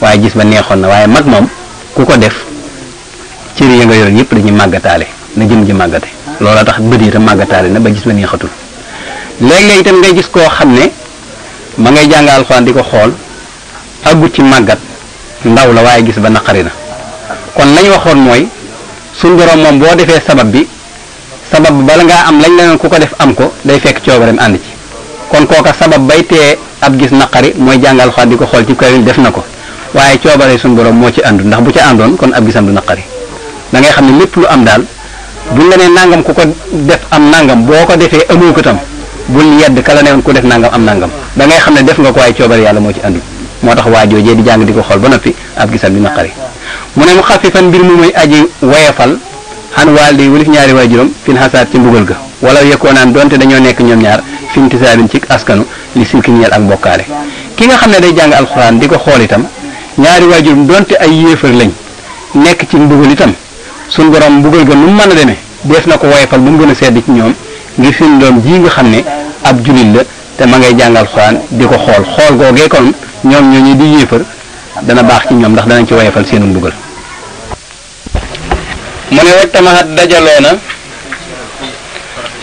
waaye gis ba neexoon na waaye mag moom ku ko def cër yi nga yor yëpp dañuy màggataale na jëm ji màggate loola tax bët yi tam màggataale na ba gis ba neexatul léeg-léeg tam ngay gis koo xam ne ma ngay jàng di ko xool àggut ci màggat ndaw la waaye gis ba naqari na kon lañ waxoon mooy suñ borom moom boo defee sabab bi sabab bala ngaa am lañ la ku ko def am ko day fekk coobareem ànd ci kon kooka sabab bay tee ab gis naqari mooy jàngal xaat di ko xool ci kawil def na ko waaye coobare suñu moo ci àndul ndax bu ca àndoon kon ab gisam du naqari da xam ne lépp lu am daal buñ la nangam ku ko def am nangam boo ko defee amoo ko tam bul yedd kala newoon ku def nangam am nangam da ngay xam ne def nga ko waaye coobare yàlla moo ci àndul moo tax waa joojee di jàng di ko xool ba noppi ab gisam di naqari mu ne mu xafifan mbir mu muy aji woyefal xan waaldi wulif ñaari waay juróom fin xasaat ci mbugal ga wala naan donte dañoo nekk ñoom ñaar fin tisaabin ci askanu li silki ñeel ak mbokkaale ki nga xam ne day jàng alxuraan di ko xool itam ñaari waay juróom donte ay yéefar lañ nekk ci mbugal itam suñ borom mbugal ga nu mu mën a demee def na ko woyefal bu mu gën a sedd ci ñoom ngir seen doom ji nga xam ne ab julit la te ma ngay jàngal xuraan di ko xool xool googee kon ñoom ñoo ñi di yéefar dana baax ci ñoom ndax danañ ci woyefal seenu mbugal mu ne wag tamaxat dajaloo na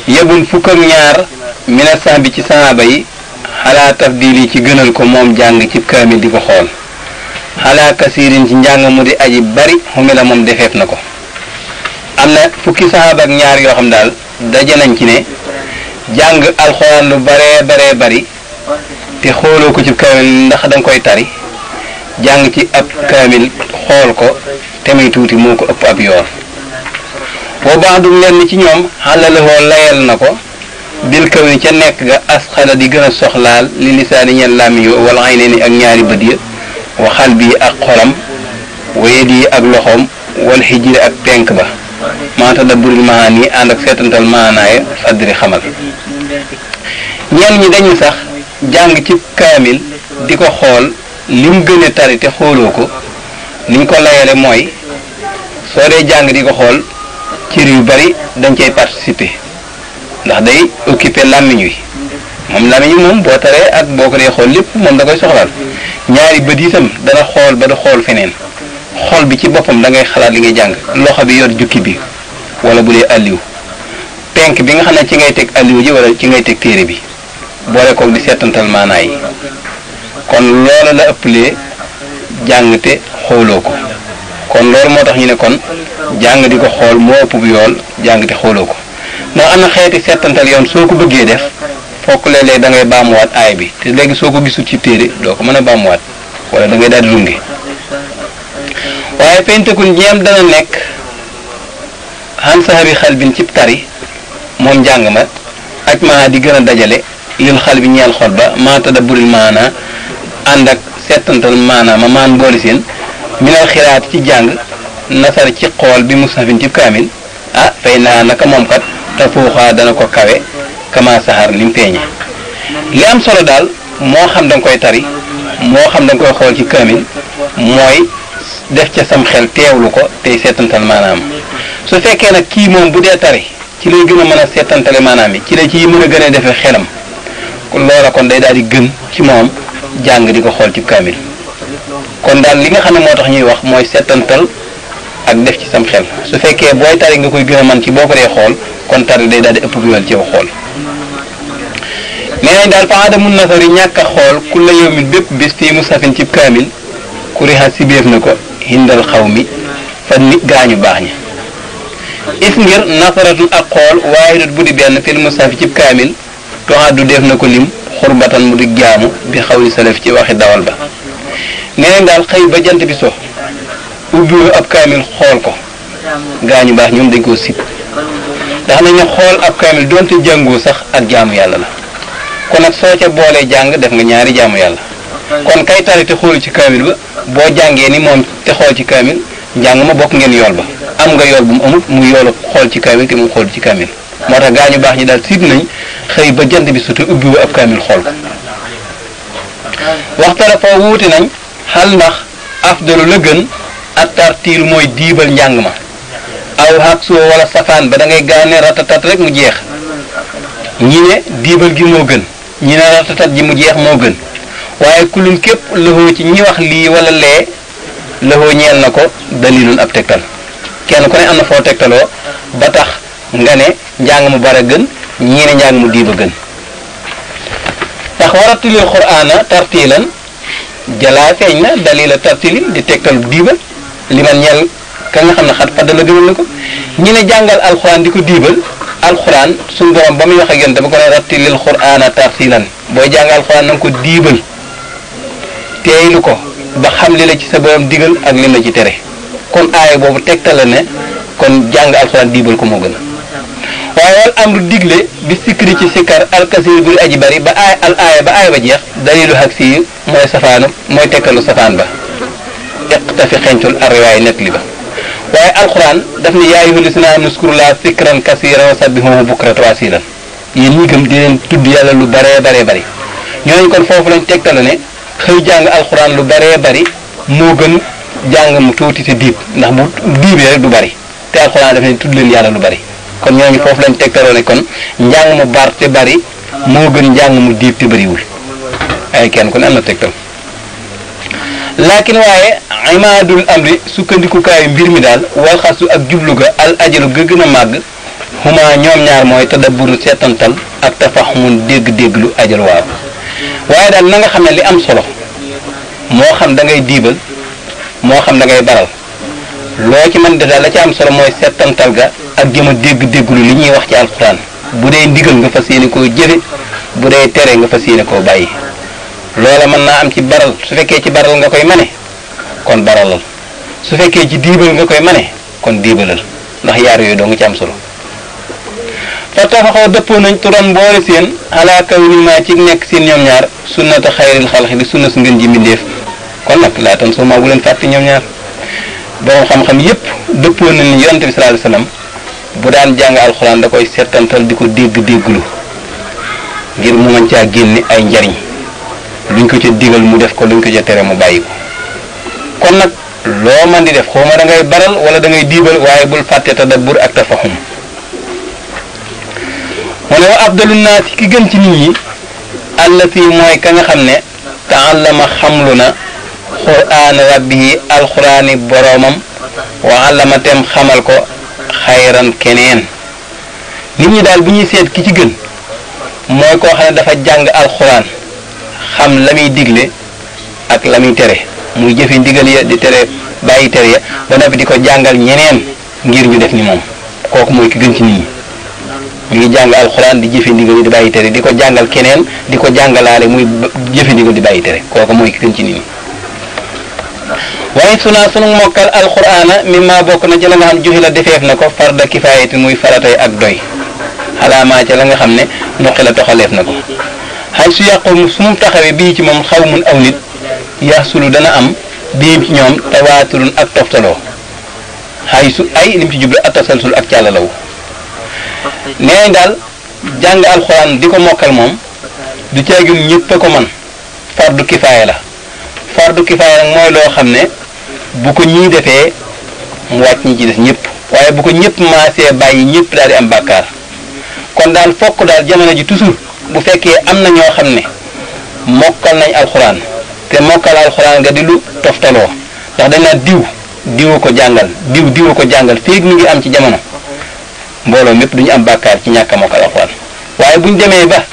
yebun fukk ak ñaar mina sax bi ci saxaaba yi xalaa tafdili ci gënal ko moom jàng ci kaamil di ko xool xalaa kasiirin ci njàng mu di aji bari xumi la moom defeef na ko am na fukki saxaaba ak ñaar yoo xam daal daje nañ ci ne jàng alxuraan lu baree baree bari te xooloo ko ci kaamil ndax da koy tari jàng ci ab kaamil xool ko te muy tuuti moo ko ëpp ab yoon wa baadum lenn ci ñoom xàllalewoo layal na ko bil ni ca nekk ga asxala di gën a soxlaal li lisaani ñen làmmiñ yi wala ay nee ni ak ñaari bët ya wa bii ak xolam wayet yi ak loxoom wal xijiri ak penk ba maata dabburil mahaan yi ànd ak seetantal maanaaya fadri xamal ñenn ñi dañu sax jàng ci kaamil di ko xool li mu gën a tari te xooloo ko niñ ko layale mooy soo dee jàng di ko xool cër yu bari dañ cay participer ndax day occuper làmmiñ wi moom làmmiñ wi moom boo taree ak boo ko dee xool lépp moom da koy soxlaal ñaari bët yi itam dana xool ba du xool feneen xool bi ci boppam dangay xalaat li ngay jàng loxo bi yor jukki bi wala bu dee alliw penk bi nga xam ne ci ngay teg alliw ji wala ci ngay teg téere bi boole koog di seetantal maanaa yi kon loola la ëppalee jàng te xooloo ko kon loolu moo tax ñu ne kon jàng di ko xool moo ëpp bu yool jàng te xooloo ko ndax am na xeeti settantal yoon soo ko bëggee def fokk léeg-léeg dangay baamuwaat aay bi te léegi soo ko gisul ci téere doo ko mën a baamuwaat wala dangay ngay daal di runge waaye pentakul ñeem dana nekk xan sahabi xal bin cib tari moom njàng ma ak ma di gën a dajale lil xal bi ñeel xol ba maa tadabburil maana ànd ak settantal maanaa ma maan boole seen minal xiraat ci jàng nasar ci xool bi musnafin ci kaamil ah fay naa naka moom kat te fuuxaa dana ko kawe kama saxaar ni mu feeñe li am solo daal moo xam da koy tari moo xam da nga koy xool ci kaamil mooy def ca sam xel teewlu ko tey seetantal maanaam su fekkee nag kii moom bu dee tari ci léegi ma mën a seetantale maanaam yi ci la ci mën a gën a defee xelam loola kon day daal di gën ci moom jàng di ko xool ci kaamil kon daal li nga xam ne moo tax ñuy wax mooy seetantal ak def ci sam xel su fekkee booy tari nga koy gën a man ci boo ko dee xool kon tari day daal di ëpp yool ci yow xool nee nañ daal fa adamu xool ku la yow bépp bis fii mu safin cib kaamil ku rixa si béef na ko hindal xaw mi fa nit gaañu baax ña is ngir nasaratun ak xool waaye dut bu di benn fi mu safi cib kaamil toxaat du def na ko lim xurbatan mu di jaamu bi xaw li salaf ci waxi dawal ba nee daal xëy ba jant bi so ubbi ab kaamil xool ko gaa ñu baax ñoom dañ koo sib ndax nañu xool ab kaamil donte jàngoo sax ak jaamu yàlla la kon nag soo ca boolee jàng def nga ñaari jaamu yàlla kon kay tari te xool ci kaamil ba boo jàngee ni moom te xool ci kaamil njàng ma bokk ngeen yool ba am nga yool bu mu amut mu yoolu xool ci kaamil te mu xool ci kaamil moo tax gaa ñu baax ñi daal sib nañ xëy ba jant bi su te ubbi ab kaamil xool ko waxtara fa wuuti nañ xal ndax afdalu la gën ak tartiil mooy diibal njàng ma aw xaq soo wala safaan ba dangay ngay gaane ratatat rek mu jeex ñi ne diibal gi moo gën ñi ne ratatat ji mu jeex moo gën waaye kulun képp lëxoo ci ñi wax lii wala lee lëxoo ñeel na ko dalilun ab tegtal kenn ku ne am na foo tegtaloo ba tax nga ne njàng mu bare gën ñii ne njàng mu diiba gën ndax warattilil qur'aana tartiilan jalaa feeñ na dalila tartili di tegtal diibal li man ñeel ka xam ne xat paddala gënal na ko ñu ne jàngal alxuraan di ko diibal alxuraan suñu borom ba muy wax ak yéen dama ko ne rattilil qur'aana booy jàngal ko diibal ko ba xam la ci sa borom digal ak lim la ci tere kon aaya boobu tegtal la ne kon jàng alxuraan diibal ko moo gën waaye wal amru digle bi sikri ci sikkar alkasir buri aji bari ba aay al ba aaya ba jeex dalilu hak si mooy safaanu mooy tekkalu safaan ba iqtafi xencul arriwaay nett li ba waaye alquran daf ne yaa naa lazina aamanu uzkurullaaha zikran kasiiran wa sabbihuuhu bukratan wa asiilan yéen ñi gëm di leen tudd yàlla lu baree baree bari ñooñu kon foofu lañu tegtalu ne xëy jàng alquran lu baree bari moo gën jàng mu tuuti te diib ndax mu diibee rek bari te alquran daf tudd leen yàlla lu bari kon ñooñu foofu lañ tegtaloo ne kon njàng mu bar bari moo gën njàng mu diib te bariwul ay kenn ku ne am na tegtal laakin waaye imaadul amri sukkandikukaayu mbir mi daal wal ak jublu ga al ajalu ga gën a màgg xuma ñoom ñaar mooy tadabburu seetantal ak tafaxumun dégg-dégg lu ajal waaw waaye daal na nga xam ne li am solo moo xam dangay diibal moo xam dangay ngay loo ci mën di daal la ci am solo mooy settantal ga ak jëm a dégg-dégglu li ñuy wax ci alxuraan bu dee ndigal nga fas yéene koo jëfe bu dee tere nga fas yéene koo bàyyi loola mën naa am ci baral su fekkee ci baral nga koy mane kon baralal su fekkee ci diibal nga koy mane kon diibalal ndax yaar yooyu doo nga ci am solo fa tafaxoo dëppoon nañ turam boole seen ala kaw ni ma ci nekk seen ñoom ñaar sunnata xayril xalxi di sunna su ngeen ji mbindéef kon nag laa tan soo maa leen fàtte ñoom ñaar borom xam-xam yépp dëppoo na ni yonante bi sallallahu alayhi wasallam bu daan jàng alxuraan da koy seetantal di ko dégg-dégglu ngir mu mën caa génne ay njariñ luñ ko ca digal mu def ko luñ ko ca tere mu bàyyi ko kon nag loo man di def xaw ma da ngay baral wala da diibal waaye bul fàtte tadabbur ak tafahum mu ne wa abdalu naasi ki gën ci nit ñi allati mooy ka nga xam ne taallama xamlu na quraan rabbi alxuraani boroomam wa allamatem xamal ko xayran keneen nit ñi daal bu ñuy seet ki ci gën mooy koo xam ne dafa jàng alxuraan xam la muy digle ak la muy tere muy jëfe ndigal ya di tere bàyyi ya ba di ko jàngal ñeneen ngir ñu def ni moom kooku mooy ki gën ci nit ñi mu ngi jàng alxuraan di jëfe ndigal yi di bàyyi tere di ko jàngal keneen di ko jàngalaale muy jëfe ndigal di bàyyi tere kooku mooy ki gën ci nit ñi waaye sunaa sunu mokkal alquraana mimma bokk na ci la nga xam juxi la defeef na ko farda kifaayati muy faratay ak doy xalaamaa ca la nga xam ne nuqi la toxaleef na ko xal su yàqu su mu taxawee bii ci moom xaw mun aw nit yaxsulu dana am bii ci ñoom tawaaturun ak toftaloo xay su ay lim ci jublu ak tasalsul ak càllalawu nee daal jàng alxuraan di ko mokkal moom du caagin ñëpp ko man fardu kifaaya la fardu kifaaya nag mooy loo xam ne bu ko ñii defee mu wàcc ñi ci def ñëpp waaye bu ko ñëpp maasee bàyyi ñëpp daal di am bakkaar kon daal fokk daal jamono ji toujours bu fekkee am na ñoo xam ne mokkal nañ alxuraan te mokkal alxuraan nga di lu toftaloo ndax dañ naa diw diw ko jàngal diw diw ko jàngal féeg mi ngi am ci jamono mbooloo mépp du ñu am bàkkaar ci ñàkk a mokkal alxuraan waaye bu ñu demee ba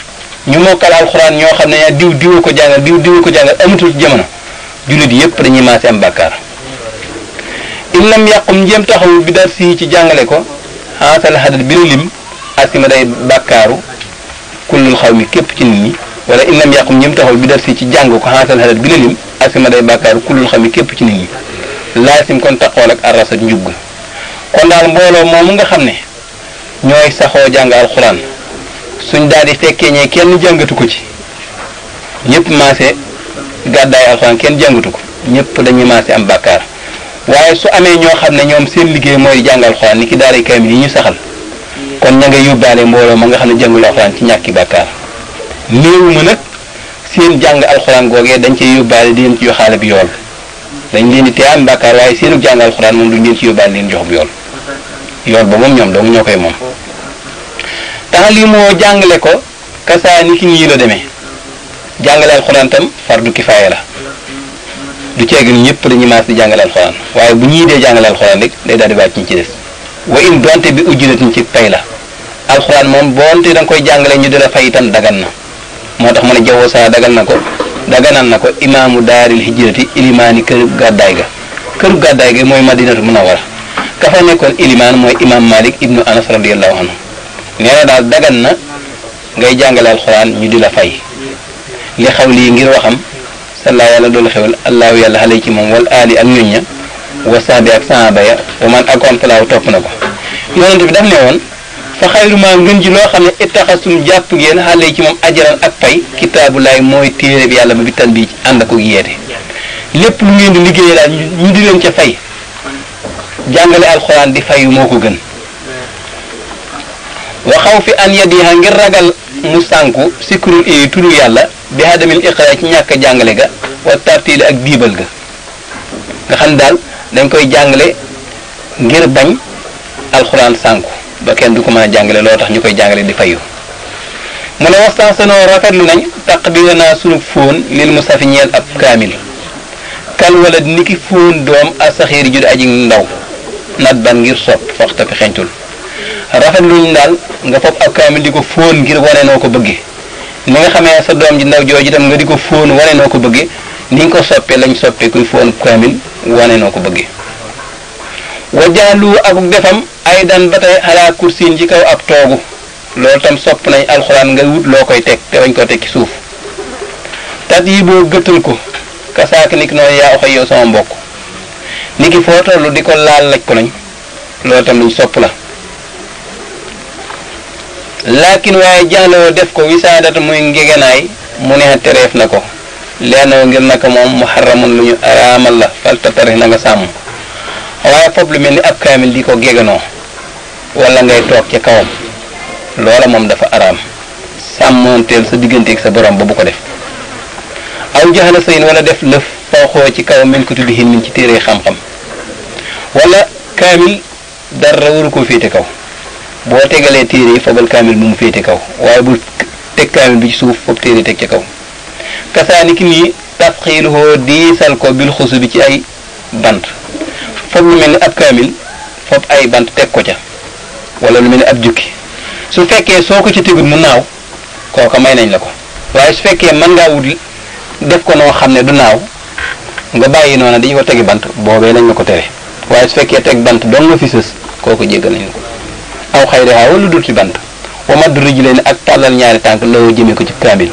ñu mokkal alxuraan ñoo xam ne diw diw ko jàngal diw diw ko jàngal amatul ci jamono jullit yépp dañuy maase am bàkkaar in lam yàqum njéem taxawul bi dar sii ci jàngale ko xaasal xadat bi nu lim asima day bàkkaaru kullul xaw mi képp ci nit ñi wala in lam yàqum njéem taxawul bi dar sii ci jàng ko xaasal xadat bi nu lim asima day bàkkaaru kullul xaw mi képp ci nit ñi laasim kon taxool ak arrasat njugg kon daal mbooloo moomu nga xam ne ñooy saxoo jàng alxuraan suñ daal di fekkee ñee kenn jàngatu ko ci ñëpp maase gàddaay alxuraan kenn jàngatu ko ñëpp dañuy maase am bàkkaar waaye su amee ñoo xam ne ñoom seen liggéey mooy jàngal xuraan ni ki kay kaamil yi ñu saxal kon ña nga yóbbaale mbooloo ma nga xam ne jàngul alxuraan ci ñàkki bàkkaar néew ma nag seen jàng alxuraan googee dañ cee yóbbaale di leen ci bi yool dañ leen di tee am bàkkaar seenu jàng alxuraan moom duñ leen ci yóbbaale leen jox bu yool yool ba moom ñoom dong ñoo koy moom moo jàngale ko kasaa ni ki ñii la demee jàngale alxuraan tam fardu kifaaya la du ceegi ni ñëpp dañuy maas di jàngale alxuraan waaye bu ñuy dee jàngale alxuraan rek day daal di ñi ci des wa in donte bi ujjinatin ci pay la alxuraan moom bonte da koy jàngale ñu di la fay itam dagan moo tax mu ne jaww saa dagal na ko daganal na ko imaamu daaril hijrati ilimaani këru gàddaay ga këru gàddaay ga mooy madinatu munawara ka fa nekkoon ilimaan mooy imaam malik ibnu anas radiallahu anhu nee na daal dagan na ngay jàngale alxuraan ñu di la fay li xaw lii ngir waxam sallaa yàlla doolu xewal allahu yàlla xale ci moom wal aali ak ñuñ ña wa ak saaba ya wa man akoon salaaw topp na ko yonent bi daf ne woon fa xayru maa ji loo xam ne ittaxasum jàpp ngeen xale ci moom ajaran ak pay kitaabu laay mooy téere bi yàlla ba bi tan bi ànd ak yeete lépp lu ngeen di liggéeyee daal ñu di leen ca fay jàngale alxuraan di fayu moo ko gën wa fi an yadiha ngir ragal mu sànku sikurul eh, turu yàlla bi hadamil iqra ci ñàkk jàngale ga wa tartiil ak diibal ga nga xam daal dañ koy jàngale ngir bañ alxuraan sànku ba kenn du ko mën jàngale loo tax ñu koy jàngale di fayu mu ne waxtaan rafet lu nañ taq bi wanaa sunu fóon lil mu safi ñeel ab kaamil kal wala ni ki fóon doom asaxiir ju di aji ndaw nat ban ngir sopp foxta fi xencul rafetlu nañ daal nga fopp ab kaamil di ko fóon ngir wane noo ko bëggee ni nga xamee sa doom ji ndaw jooju itam nga di ko fóon wane noo ko bëggee ni ko soppee lañ soppee kuy fóon kaamil wane noo ko bëggee wajaalu ak defam ay dan ba tey alaa ci kaw ab toogu loolu tam sopp nañ alxuraan nga wut loo koy teg te bañ ko teg ci suuf tat yi boo gëttal ko kasaak ni ki yaa oxoy yow sama mbokk ni ki foo tollu di ko laal laj ko nañ loolu tam luñ sopp la laakin waaye jaxloo def ko wisaadata muy ngeganaay mu ne tereef na ko leenoo ngir naka moom muharramun lu ñu araamal la falta tarix na nga sàmm waaye fopp lu mel ni ab kaamil di ko geganoo wala ngay toog ca kawam loola moom dafa araam sàmmoonteel sa digganteeg sa borom ba bu ko def aw sa sayin wala def lëf fooxoo ci kawam min ko tuddi hin min ci téere xam-xam wala kaamil dara waru ko féete kaw boo tegalee téere yi fabal kaamil bu mu féete kaw waaye bul teg kaamil bi ci suuf foofu téere teg ca kaw kasaani ki nii tasxiiluhoo diisal ko bil xusu bi ci ay bant foofu lu mel ni ab kaamil foofu ay bant teg ko ca wala lu mel ni ab jukki su fekkee soo ko ci tegut mu naaw kooka may nañ la ko waaye su fekkee mën ngaa wut def ko noo xam ne du naaw nga bàyyi noonu dañu ko tegi bant boobee lañ la ko tere waaye su fekkee teg bant doon nga fi sës kooku jéggal nañ la ko aw xayriha wala dul ci bant wa maddu rijlayni ak tàllal ñaari tànk loo jëmee ko ci kaamil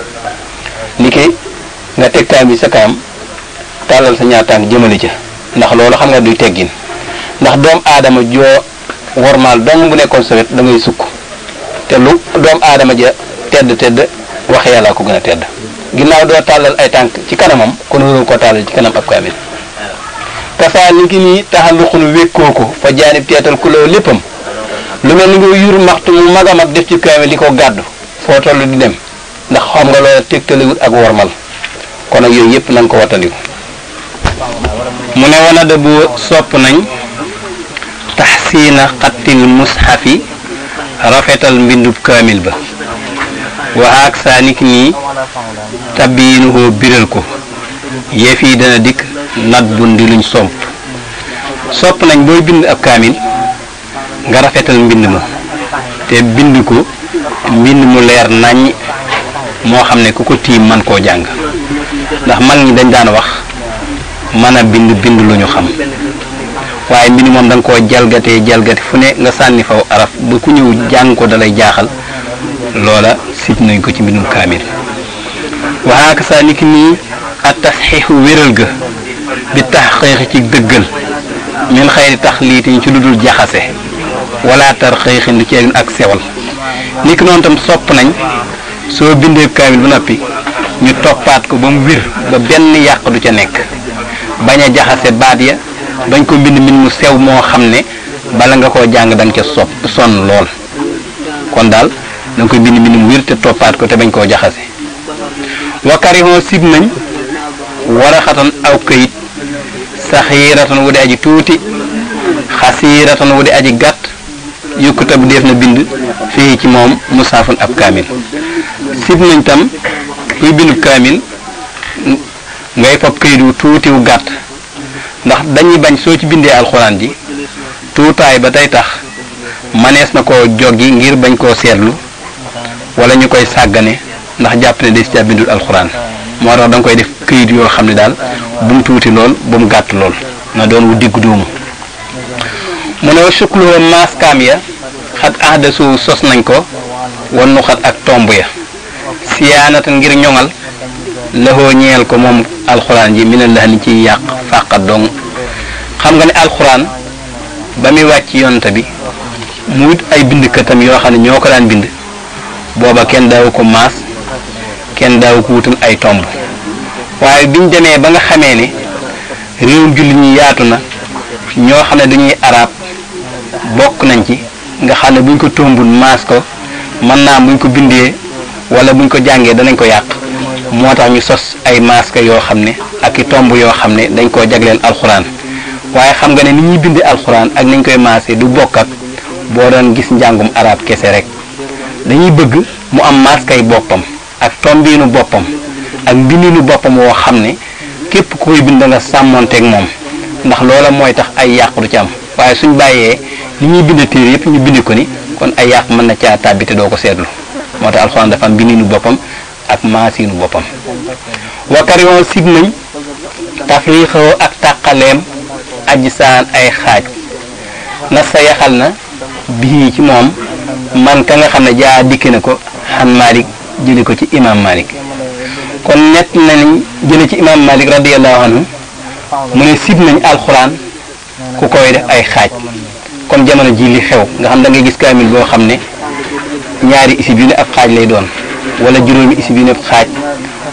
ni ki nga teg kaamil sa kaam tàllal sa ñaari tànk jëmale ca ndax loolu xam nga duy teggin ndax doom aadama joo wormaal dong bu nekkoon sa wet da sukk te lu doom aadama ja tedd tedd wax yàlla ko gën a tedd ginnaaw doo tàllal ay tànk ci kanamam kon warul koo tàllal ci kanam ab kaamil kafaa ni ki nii taxaluqun wékkoo ko fa jaanib teetal ku loo léppam lu mel ni nga yur mu mag a def ci kaamil di ko gàddu foo toll di dem ndax xam nga loola tegtaliwut ak wormal kon ak yooyu yëpp na ko wattandiku mu ne wana da bu sopp nañ taxsiina xattil mushafi rafetal mbindub kaamil ba waxaak saa nit nii tabiinuhoo biral ko yëf yi dana dikk nat bu ndi somp sopp nañ booy bind ab kaamil nga rafetal mbind ma te bind ko mbind mu leer naññ moo xam ne ku ko tiim man koo jàng ndax mag ñi dañ daan wax mën bind bind lu ñu xam waaye mbind moom da nga koo jalgatee jalgate fu ne nga sànni faw araf ba ku ñëw jàng ko dalay jaaxal loola sit nañ ko ci mbindum kaamil waxaaka saa niki nii ak tasxiixu wéral ga bi tax xeexi ci dëggal min xëy di tax lii ci lu dul jaxase wala tar xëy xin lu ak sewal ni ki noonu tam sopp nañ soo bindee kaamil ba noppi ñu toppaat ko ba mu wir ba benn yàq du ca nekk bañ a jaxase baat ya bañ ko mbind mbind mu sew moo xam ne bala nga koo jàng da nga ca sopp sonn lool kon daal da nga koy bind mbind mu wir te toppaat ko te bañ koo jaxase wakkarihon sib nañ waraxatan aw këyit saxiiratan wu di aji tuuti xasiiratan wu di aji gàtt yukkutab def na bind fii ci moom musaafun ab kaamil sib nañ tam kuy bindub kaamil ngay fab këyit wu tuutiw gàtt ndax dañuy bañ soo ci bindee alxuraan ji tuutaay ba tey tax manees na ko koo joggi ngir bañ koo seetlu wala ñu koy sàggane ndax jàpp ne day si bindul alxuraan moo tax da koy def këyit yoo xam ne daal bu tuuti lool bu gàtt lool na doon wu diggu duumu mu ne wa suklu maas ya xat ahdasu sos nañ ko wannu ak tomb ya siyaanatan ngir ñoŋal laxoo ñeel ko moom alxuraan ji minal lax ciy yàq fàqa dong xam nga ne alxuraan ba muy wàcc yonte bi mu wut ay bindkatam yoo xam ne ñoo ko daan bind booba kenn daawu ko maas kenn daawu ko wutal ay tomb waaye biñ demee ba nga xamee ne réewum jullit ñi yaatu na ñoo xam ne dañuy arab bokk nañ ci nga xam ne buñ ko tombul maas ko mën naa buñ ko bindee wala buñ ko jàngee danañ ko yàq moo tax ñu sos ay masque yoo xam ne ak i tomb yoo xam ne dañ koo jagleen alxuraan waaye xam nga ne ni ñuy bind alxuraan ak nañ koy maasee du bokk ak boo doon gis njàngum arab kese rek dañuy bëgg mu am maskay boppam ak tombiinu boppam ak mbindiinu boppam woo xam ne képp ku koy bind nga sàmmoonteeg moom ndax loola mooy tax ay yàq du ci am waaye suñ bàyyee li ñuy bind téere yëpp ñu bind ko ni kon ay yàq mën na caa tàbbi te doo ko seetlu moo tax alxuraan dafa am bindinu boppam ak maasinu boppam wakarion sig nañ tafriixoo ak tàqaleem ajsaan ay xaaj na sa yaxal na bii ci moom man ka nga xam ne jaa dikk na ko xan Malik jële ko ci imam Malik kon nett nañ jële ci imam Malik radiyallahu anhu mu ne sib nañ alxuraan ku koy def ay xaaj comme jamono ji li xew nga xam dangay gis kaamil boo xam ne ñaari isib yu ne ab xaaj lay doon wala juróomi isib yu ne ab xaaj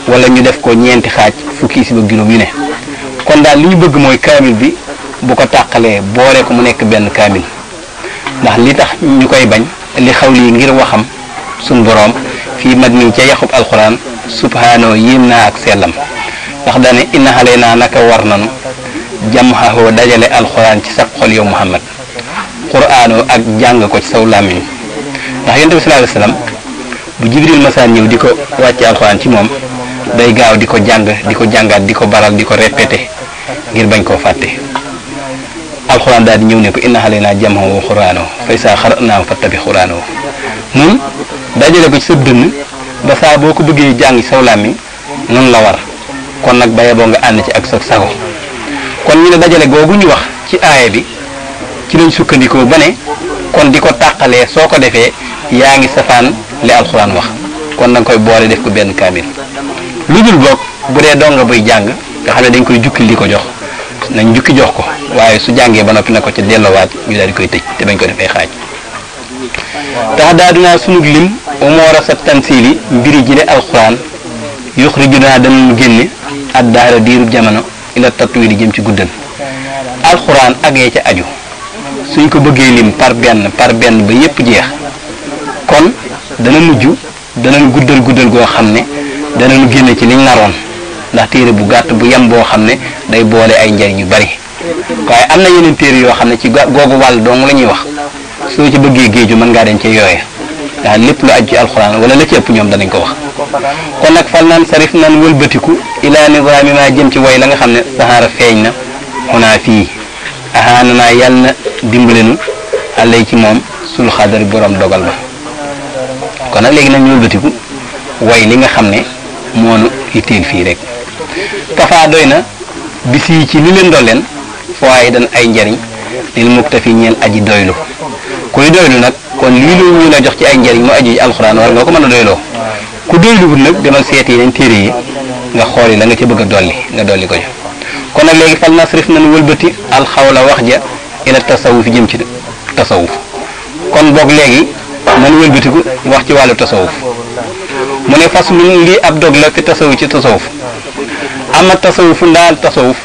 wala ñu def ko ñeenti xaaj fukki isib ak juróom yu ne kon daal li bëgg mooy kaamil bi bu ko tàqalee boole ko mu nekk benn kaamil ndax li tax ñu koy bañ li xaw lii ngir waxam suñ boroom fii mag nii ca yaqub alxuraan subhaanoo yéem naa ak sellam ndax daane inna xale naa naka war nanu jam xaxoo dajale alxuraan ci sab xol yow muhammad quraanoo ak jàng ko ci saw làmmiñ ndax yonent bi sallallahu alayhi bu jibril masaan ñëw di ko wàcce alxuraan ci moom day gaaw di ko jàng di ko jàngaat di ko baral di ko répété ngir bañ koo fàtte alxuraan daal di ñëw ne naa inna alaynaa jam'ahu wa quraanahu fa izaa qara'naahu fattabi' quraanahu noonu dajale ko ci sa dënn ba saa boo ko bëggee jàng saw làmmiñ noonu la war kon nag baye boo nga ànd ci ak sa sago kon ñu ne dajale googu ñu wax ci aaya bi ci lañ sukkandikoo ba ne kon di ko tàqalee soo ko defee yaa ngi safaan li alxuraan wax kon da koy boole def ko benn kaamil lu dul boog bu dee donga buy jàng nga xam ne dañ koy jukki li ko jox nañ jukki jox ko waaye su jàngee ba noppi na ko ca dellowaat ñu daal di koy tëj te bañ ko defee xaaj tax daa dunaa sunug lim umoora sa tansiili mbiri jile alxuraan yuxrijunaa danañ génne ad daara diirub jamono ila di jëm ci guddal alxuraan ak yee suñ ko bëggee lim par benn par benn ba yépp jeex kon dana mujj danañ guddal guddal goo xam ne dana nu génn ci liñ naroon ndax téere bu gàtt bu yem boo xam ne day boole ay njariñ yu bari waaye am na yeneen téere yoo xam ne ci googu wàll dong la ñuy wax soo ci bëggee géeju mën ngaa dem ci yooye ndax lépp lu aju ci alxuraan wala la ci ëpp ñoom danañ ko wax kon nag fal naan sarif naan wëlbatiku ilaa nidraami maa jëm ci woy la nga xam ne saxaara feeñ na xunaa fii axaana naa yàlla na dimbalinu àllay ci moom sul xadar boroom dogal ba kon nag léegi nag ñu wëlbatiku way li nga xam ne moonu itteel fii rek tafaa doy na bis yi ci li leen doon leen waaye dan ay njariñ lil muktafi ñeel aji doylu kuy doylu nag kon lii lu ñu la jox ci ay njariñ mu aju ci alxuraan war nga ko mën a doyloo ku doyluwul nag demal seet yeneen téere yi nga xool la nga ca bëgg a dolli nga dolli ko jox kon nag léegi fal nasrif nañ wëlbati alxawla wax ja ila tasawuf jëm ci tasawuf kon boog léegi nañ wëlbatiku wax ci wàllu tasawuf mu ne fas mun lii ab dog la fi tasawuf ci tasawuf ama tasawufu ndaal tasawuf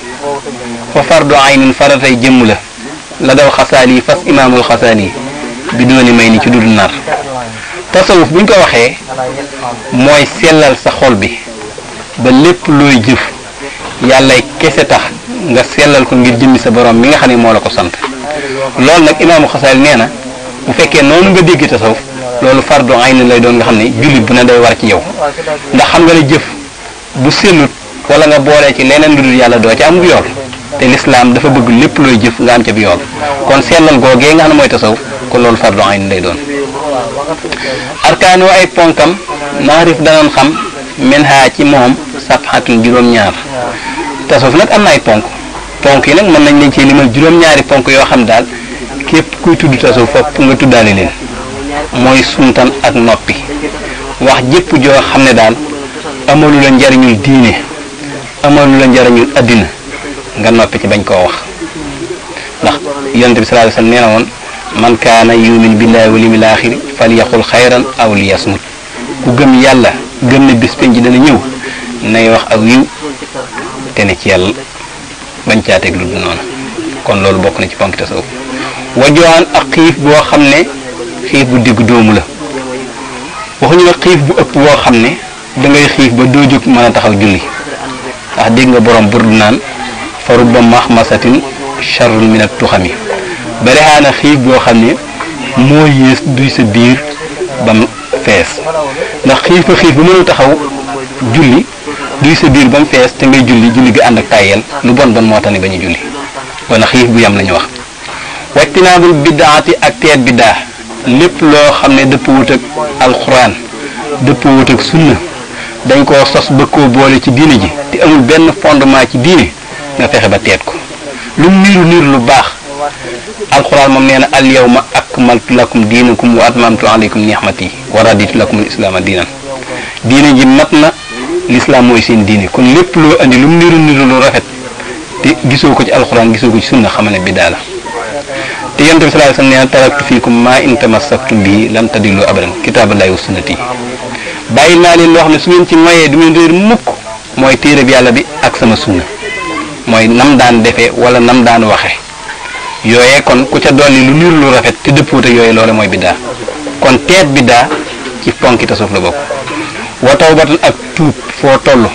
fa fardu aynin faratay jëmm la la daw xasaali fas imaamul xasaali bi dooni may ni ci dudu nar tasawuf buñ ko waxee mooy sellal sa xol bi ba lépp looy jëf yàllay kese tax nga sellal ko ngir jëmmi sa borom bi nga xam ne moo la ko sant loolu nag imaamu xasaal nee na bu fekkee noonu nga dégg tasawuf loolu fardu ayn lay doon nga xam ne jullit bu ne day war ci yow ndax xam nga ne jëf bu sellut wala nga boolee ci leneen lu dul yàlla doo ci am bu yool te lislaam dafa bëgg lépp looy jëf nga am ca bi yool kon sellal googee nga xam ne mooy tasawuf kon loolu fardu ayn lay doon arkaanu ay ponkam maarif danoon xam sabxatun juróom-ñaar tasawuf nag am na ay ponk ponk yi nag mën nañ leen ci limal juróom-ñaari ponk yoo xam daal képp kuy tudd tasawuf fopp nga tuddaale leen mooy suntan ak noppi wax jëpp joo xam ne daal amalu la njariñul diine amalu la njariñul àddina nga noppi ci bañ koo wax ndax yonent bi sallallahu alayhi wasallam nee na woon man kaana yumin billahi wal yawmil axiri falyaqul xayran aw liyasmut ku gëm yàlla gën ne bis ji dana ñëw nay wax ak yiw te ne ci yàlla bañ caateeg lu dul noonu kon loolu bokk na ci ponk tasawuf wajoaan ak xiif boo xam ne xiif bu digg dóomu la waxuñu la xiif bu ëpp boo xam ne dangay xiif ba doo jóg mën a taxaw julli ndax dégg nga boroom bur du naan fa rubba maxmasatin charrun min ak tuxami bari xaana xiif boo xam ne moo yées duy sa biir bam fees ndax xiif ba xiif ba mënul taxaw julli duy sa biir ba mu fees te ngay julli julli bi ànd ak tàyyeel lu bon bon moo tax ne ba ñu julli wala xiif bu yam la ñu wax wajtinaabul biddaati ak teet biddaa lépp loo xam ne dëpp wut ak alxuraan dëpp wut ak sunna dañ koo sos bëgg koo boole ci diine ji te amul benn fondement ci diine nga fexe ba teet ko lu niiru niiru lu baax alxuraan moom nee na al yawma akmaltu lakum diinakum wa atmamtu alaykum nihmati wa raditu lakum al islaama diinan diine ji mat na lislaam mooy seen diine kon lépp loo andi lu mu niru niru lu rafet te gisoo ko ci alxuraan gisoo ko ci sunna xamal ne biddaa la te yonent bi sallallahu alayhi wasallam nee na taraktu fiikum maa in tamassaktum bihi lan tadillu abadan kitaaballahi wa sunnati bàyyi naa leen loo wax ne su ngeen ci mayee du ngeen réer mukk mooy bi yàlla bi ak sama sunna mooy nam daan defee wala nam daan waxe yooyee kon ku ca dolli lu niru lu rafet te dëppoot ak yooyee loola mooy biddaa kon teet biddaa ci ponki tasawuf la bokk foo toll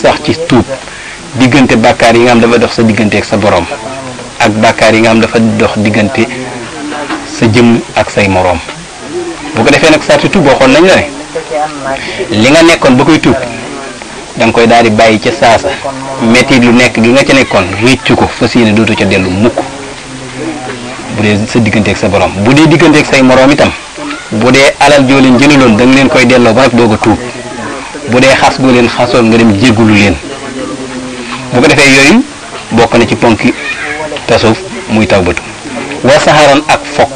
sax ci tuub diggante bàkkaar yi nga xam dafa dox sa diggante ak sa boroom ak bàkkaar yi nga xam dafa dox diggante sa jëm ak say moroom bu ko defee nag sarti tuub boo xoon li nga nekkoon ba koy tuub da koy daal di bàyyi ca saasa metti lu nekk gi nga ca nekkoon réccu ko fas yéene dootu ca dellu mukk bu dee sa diggante ak sa boroom bu dee diggante ak say moroom itam bu dee alal joo leen jëlaloon da nga leen koy delloo ba nag doog a tuub bu dee xas boo leen xasoon nga dem jéggulu leen bu ko defee yooyu bokk na ci ponki tasawuf muy tawbatu wa saxaroon ak fokk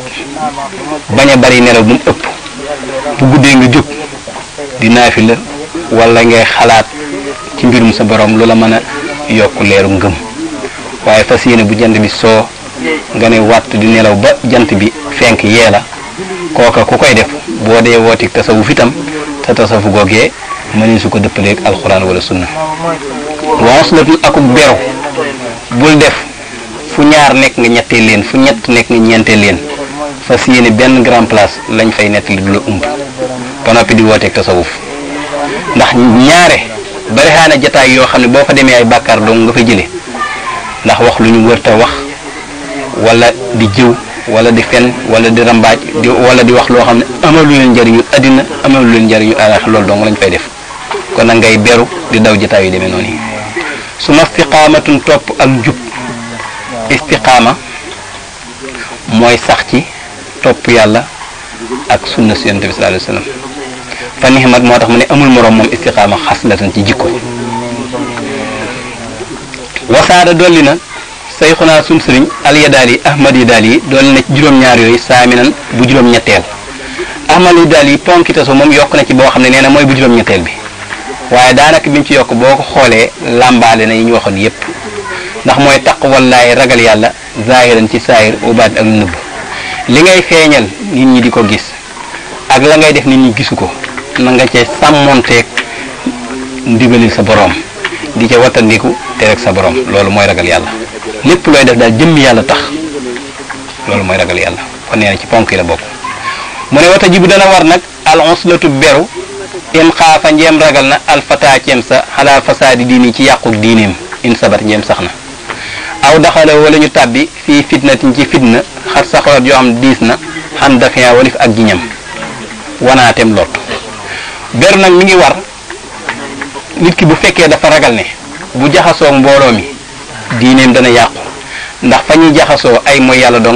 bañ a bari nelaw bu ëpp bu guddee nga jóg di naafi la wala ngay xalaat ci mbirum sa borom lu la mën a yokk leeru ngëm waaye fas yéene bu jant bi soo nga ne wàtt di nelaw ba jant bi fenk yee la kooka ku koy def boo dee wootik tasawuf itam te tasawu googee mënee su ko dëppaleeg alxuraan wala sunna waas latul akuk beru bul def fu ñaar nekk nga ñettee leen fu ñett nekk nga ñeentee leen fas yéene benn grand place lañ fay nettali du la umb ba noppi di wooteeg tasawuf ndax ñaare bari xaana jataay yoo xam ne boo fa demee ay bàkkaar dong nga fa jële ndax wax lu ñu wërta wax wala di jiw wala di fen wala di rambaaj di wala di wax loo xam ne amalu leen njariñu àddina amalu leen njariñu alax loolu dong lañ fay def kon nag ngay beru di daw jotaay yu demee noonu su ma istiqaamatun topp ak njub istiqaama mooy sax ci topp yàlla ak sunna si yonent bi sallallahu alayhi wa sallam fa moo tax mu ne amul moroom moom istiqaama xaslatan ci jikko wasaada dolli na sa sayxunaa sun sëriñ alyadaal yi ahmad yi daal yi dolli na ci juróom-ñaar yooyu saaminan bu juróom-ñetteel ahmad yi daal yi ponkite so moom yokk na ci boo xam ne nee na mooy bu juróom-ñetteel bi waaye daanaka bi mu ci yokk boo ko xoolee làmbaale na yi ñu waxoon yépp ndax mooy taqwallaahi ragal yàlla zaahiran ci saahir ubaat ak nubb li ngay feeñal nit ñi di ko gis ak la ngay def nit ñi gisu ko na nga ca sàmmonteeg ndigalil sa boroom di ca wattandiku te rek sa boroom loolu mooy ragal yàlla lépp looy def daal jëmm yàlla tax loolu mooy ragal yàlla kon nee na ci ponk yi la bokk mu ne wata jibu dana war nag al onslatu beru in xaafa njeem ragal na alfataa sa xalaa fasaadi diini ci yàquk diineem in sabat njeem sax na aw daxala wala ñu tàbbi fii fitnatin ci fitna xat saxarat yoo xam diis na xan dafiya walif ak jiñam wanaatem lot ber nag mi ngi war nit ki bu fekkee dafa ragal ne bu jaxasoo mbooloo mi diineem dana yàqu ndax fa ñuy jaxasoo ay mooy yàlla doo